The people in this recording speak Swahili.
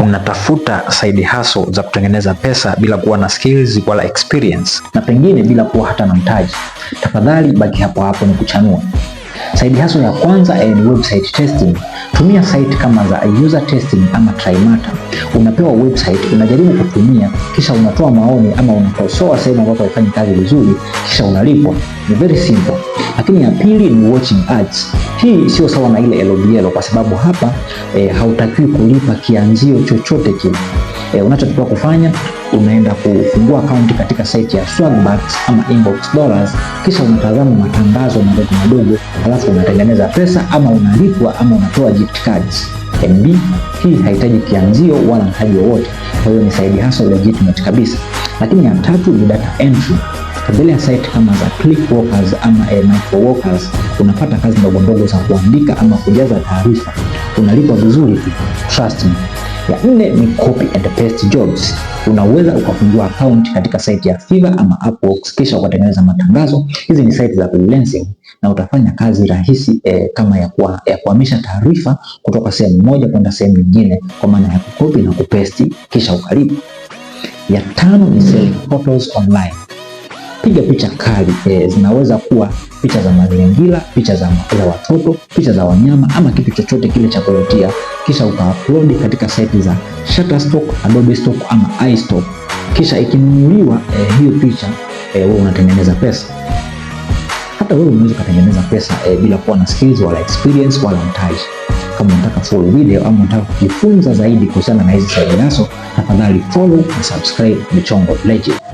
unatafuta side hustle za kutengeneza pesa bila kuwa na skills wala experience, na pengine bila kuwa hata na mtaji, tafadhali baki hapo hapo, ni kuchanua. Side hustle ya kwanza ni website testing. Tumia site kama za user testing ama Trimata. Unapewa website, unajaribu kutumia, kisha unatoa maoni ama unakosoa sehemu ambapo haifanyi kazi vizuri, kisha unalipwa. Ni very simple. Lakini ya pili ni watching ads. Hii sio sawa na ile LBL kwa sababu hapa eh, hautakiwi kulipa kianzio chochote kile. E, unachotakiwa kufanya unaenda kufungua akaunti katika site ya Swagbucks ama Inbox Dollars, kisha unatazama matangazo madogo madogo, alafu unatengeneza pesa ama unalipwa ama unatoa gift cards. MB hii haihitaji kianzio wala mtaji wowote, kwa hiyo ni side hustle legitimate kabisa. Lakini ya tatu ni data entry. Mbele ya site kama za Clickworkers ama eh, Microworkers, unapata kazi ndogo ndogo za kuandika ama kujaza taarifa, unalipwa vizuri, trust me. Ya nne ni copy and paste jobs. Unaweza ukafungua account katika site ya Fiverr ama Upwork kisha ukatengeneza matangazo. Hizi ni site za freelancing na utafanya kazi rahisi eh, kama ya kuwa, ya kuhamisha taarifa kutoka sehemu moja kwenda sehemu nyingine kwa maana ya kukopi na kupesti kisha ukalipa. Ya tano ni selling photos online. Piga picha kali e, zinaweza kuwa picha za mazingira, picha za, za watoto, picha za wanyama ama kitu chochote kile cha kuvutia, kisha ukaupload katika site za Shutterstock, Adobe Stock ama iStock, kisha ikinunuliwa e, hiyo picha e, wewe unatengeneza pesa. Hata wewe unaweza kutengeneza pesa e, bila kuwa na skills wala experience wala mtaji. Kama unataka follow video ama unataka kujifunza zaidi kuhusiana na hizi side hustles, tafadhali follow na subscribe Michongo Legend.